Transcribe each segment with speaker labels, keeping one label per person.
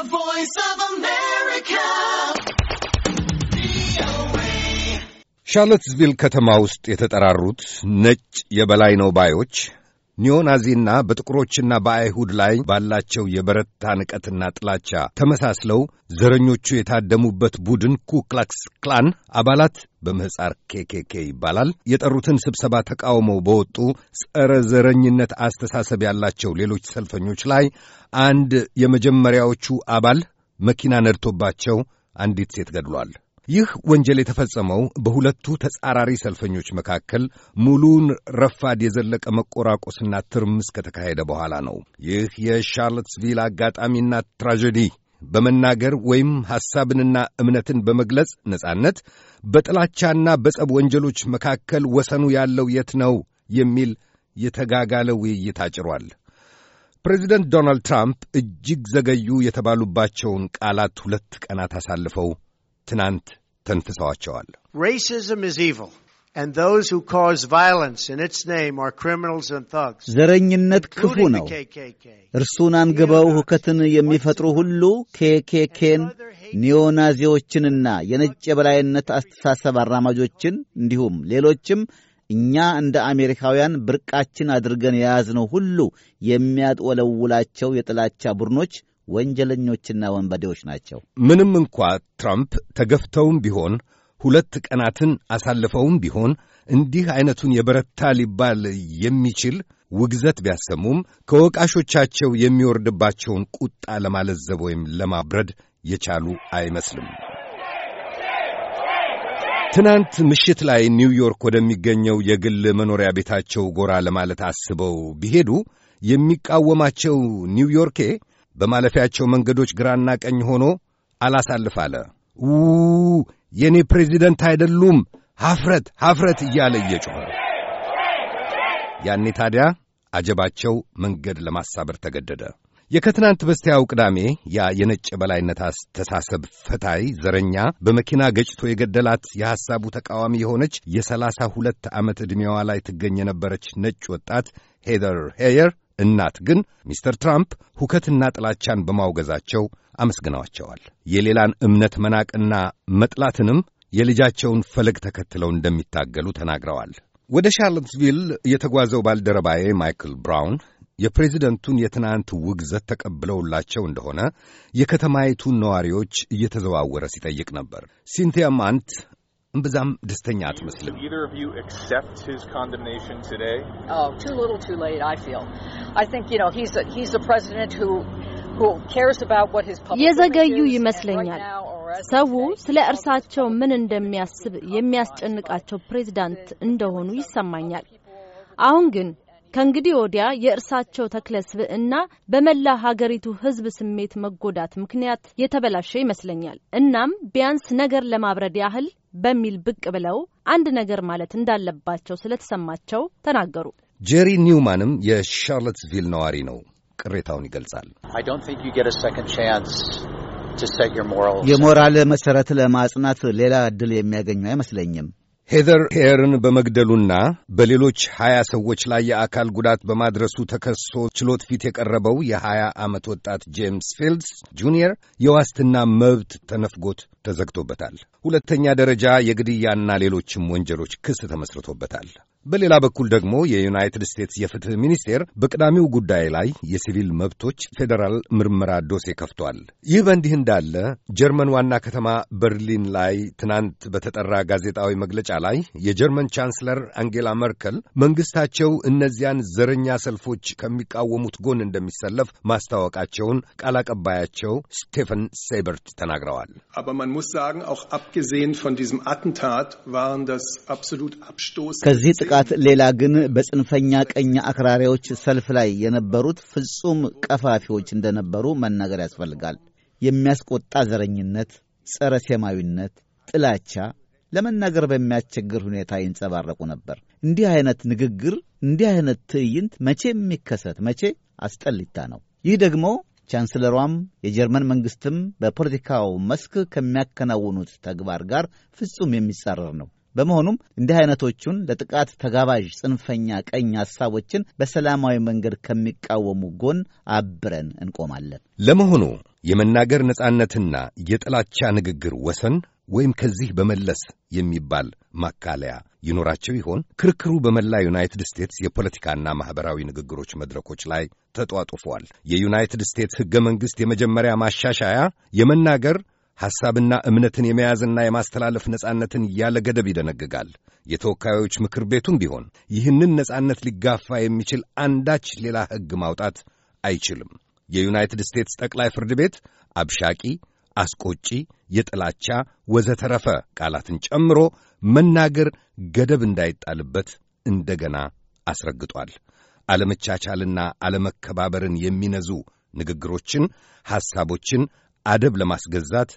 Speaker 1: The Voice of America. ሻርሎትስቪል ከተማ ውስጥ የተጠራሩት ነጭ የበላይ ነው ባዮች ኒዮናዚና በጥቁሮችና በአይሁድ ላይ ባላቸው የበረታ ንቀትና ጥላቻ ተመሳስለው ዘረኞቹ የታደሙበት ቡድን ኩክላክስ ክላን አባላት በምሕፃር ኬኬኬ ይባላል የጠሩትን ስብሰባ ተቃውመው በወጡ ጸረ ዘረኝነት አስተሳሰብ ያላቸው ሌሎች ሰልፈኞች ላይ አንድ የመጀመሪያዎቹ አባል መኪና ነድቶባቸው አንዲት ሴት ገድሏል። ይህ ወንጀል የተፈጸመው በሁለቱ ተጻራሪ ሰልፈኞች መካከል ሙሉውን ረፋድ የዘለቀ መቆራቆስና ትርምስ ከተካሄደ በኋላ ነው። ይህ የሻርሎትስቪል አጋጣሚና ትራጀዲ በመናገር ወይም ሐሳብንና እምነትን በመግለጽ ነጻነት በጥላቻና በጸብ ወንጀሎች መካከል ወሰኑ ያለው የት ነው የሚል የተጋጋለ ውይይት አጭሯል። ፕሬዚደንት ዶናልድ ትራምፕ እጅግ ዘገዩ የተባሉባቸውን ቃላት ሁለት ቀናት አሳልፈው ትናንት ተንፍሰዋቸዋል።
Speaker 2: ዘረኝነት ክፉ ነው። እርሱን አንግበው ሁከትን የሚፈጥሩ ሁሉ ኬኬኬን፣ ኒዮናዚዎችንና የነጭ የበላይነት አስተሳሰብ አራማጆችን እንዲሁም ሌሎችም እኛ እንደ አሜሪካውያን ብርቃችን አድርገን የያዝነው ሁሉ የሚያጥወለውላቸው የጥላቻ ቡድኖች ወንጀለኞችና ወንበዴዎች ናቸው።
Speaker 1: ምንም እንኳ ትራምፕ ተገፍተውም ቢሆን ሁለት ቀናትን አሳልፈውም ቢሆን እንዲህ አይነቱን የበረታ ሊባል የሚችል ውግዘት ቢያሰሙም ከወቃሾቻቸው የሚወርድባቸውን ቁጣ ለማለዘብ ወይም ለማብረድ የቻሉ አይመስልም። ትናንት ምሽት ላይ ኒውዮርክ ወደሚገኘው የግል መኖሪያ ቤታቸው ጎራ ለማለት አስበው ቢሄዱ የሚቃወማቸው ኒውዮርኬ በማለፊያቸው መንገዶች ግራና ቀኝ ሆኖ አላሳልፍ አለ። ው የእኔ ፕሬዚደንት አይደሉም፣ ሐፍረት ሐፍረት እያለ እየጮኸ ያኔ ታዲያ አጀባቸው መንገድ ለማሳበር ተገደደ። የከትናንት በስቲያው ቅዳሜ ያ የነጭ በላይነት አስተሳሰብ ፈታይ ዘረኛ በመኪና ገጭቶ የገደላት የሐሳቡ ተቃዋሚ የሆነች የሰላሳ ሁለት ዓመት ዕድሜዋ ላይ ትገኝ የነበረች ነጭ ወጣት ሄደር ሄየር እናት ግን ሚስተር ትራምፕ ሁከትና ጥላቻን በማውገዛቸው አመስግነዋቸዋል። የሌላን እምነት መናቅና መጥላትንም የልጃቸውን ፈለግ ተከትለው እንደሚታገሉ ተናግረዋል። ወደ ሻርሎትስቪል የተጓዘው ባልደረባዬ ማይክል ብራውን የፕሬዚደንቱን የትናንት ውግዘት ተቀብለውላቸው እንደሆነ የከተማይቱን ነዋሪዎች እየተዘዋወረ ሲጠይቅ ነበር። ሲንቲያ ማንት እምብዛም ደስተኛ አትመስልም። የዘገዩ ይመስለኛል። ሰው ስለ እርሳቸው ምን እንደሚያስብ የሚያስጨንቃቸው ፕሬዝዳንት እንደሆኑ ይሰማኛል። አሁን ግን ከእንግዲህ ወዲያ የእርሳቸው ተክለ ስብዕና በመላ ሀገሪቱ ህዝብ ስሜት መጎዳት ምክንያት የተበላሸ ይመስለኛል። እናም ቢያንስ ነገር ለማብረድ ያህል በሚል ብቅ ብለው አንድ ነገር ማለት እንዳለባቸው ስለተሰማቸው ተናገሩ። ጄሪ ኒውማንም
Speaker 2: የሻርለትስቪል ነዋሪ ነው። ቅሬታውን ይገልጻል። የሞራል መሰረት ለማጽናት ሌላ ዕድል የሚያገኙ አይመስለኝም። ሄዘር ሄርን በመግደሉና በሌሎች ሀያ ሰዎች ላይ የአካል ጉዳት
Speaker 1: በማድረሱ ተከሶ ችሎት ፊት የቀረበው የሀያ ዓመት ወጣት ጄምስ ፊልድስ ጁኒየር የዋስትና መብት ተነፍጎት ተዘግቶበታል። ሁለተኛ ደረጃ የግድያና ሌሎችም ወንጀሎች ክስ ተመስርቶበታል። በሌላ በኩል ደግሞ የዩናይትድ ስቴትስ የፍትህ ሚኒስቴር በቅዳሜው ጉዳይ ላይ የሲቪል መብቶች ፌዴራል ምርመራ ዶሴ ከፍቷል። ይህ በእንዲህ እንዳለ ጀርመን ዋና ከተማ በርሊን ላይ ትናንት በተጠራ ጋዜጣዊ መግለጫ ላይ የጀርመን ቻንስለር አንጌላ መርከል መንግስታቸው እነዚያን ዘረኛ ሰልፎች ከሚቃወሙት ጎን እንደሚሰለፍ ማስታወቃቸውን ቃል አቀባያቸው ስቴፈን ሴበርት ተናግረዋል። abgesehen von diesem Attentat waren das absolut
Speaker 2: ከዚህ ጥቃት ሌላ ግን በጽንፈኛ ቀኝ አክራሪዎች ሰልፍ ላይ የነበሩት ፍጹም ቀፋፊዎች እንደነበሩ መናገር ያስፈልጋል። የሚያስቆጣ ዘረኝነት፣ ጸረ ሴማዊነት፣ ጥላቻ ለመናገር በሚያስቸግር ሁኔታ ይንጸባረቁ ነበር። እንዲህ አይነት ንግግር፣ እንዲህ አይነት ትዕይንት መቼ የሚከሰት መቼ አስጠሊታ ነው። ይህ ደግሞ ቻንስለሯም የጀርመን መንግሥትም በፖለቲካው መስክ ከሚያከናውኑት ተግባር ጋር ፍጹም የሚጻረር ነው። በመሆኑም እንዲህ አይነቶቹን ለጥቃት ተጋባዥ ጽንፈኛ ቀኝ ሐሳቦችን በሰላማዊ መንገድ ከሚቃወሙ ጎን አብረን እንቆማለን።
Speaker 1: ለመሆኑ የመናገር ነጻነትና የጥላቻ ንግግር ወሰን ወይም ከዚህ በመለስ የሚባል ማካለያ ይኖራቸው ይሆን? ክርክሩ በመላ ዩናይትድ ስቴትስ የፖለቲካና ማኅበራዊ ንግግሮች መድረኮች ላይ ተጧጡፏል። የዩናይትድ ስቴትስ ሕገ መንግሥት የመጀመሪያ ማሻሻያ የመናገር ሐሳብና እምነትን የመያዝና የማስተላለፍ ነጻነትን ያለ ገደብ ይደነግጋል። የተወካዮች ምክር ቤቱም ቢሆን ይህንን ነጻነት ሊጋፋ የሚችል አንዳች ሌላ ሕግ ማውጣት አይችልም። የዩናይትድ ስቴትስ ጠቅላይ ፍርድ ቤት አብሻቂ አስቆጪ፣ የጥላቻ ወዘተረፈ ቃላትን ጨምሮ መናገር ገደብ እንዳይጣልበት እንደገና አስረግጧል። አለመቻቻልና አለመከባበርን የሚነዙ ንግግሮችን፣ ሐሳቦችን አደብ ለማስገዛት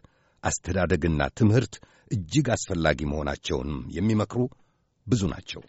Speaker 1: አስተዳደግና ትምህርት እጅግ አስፈላጊ መሆናቸውንም የሚመክሩ ብዙ ናቸው።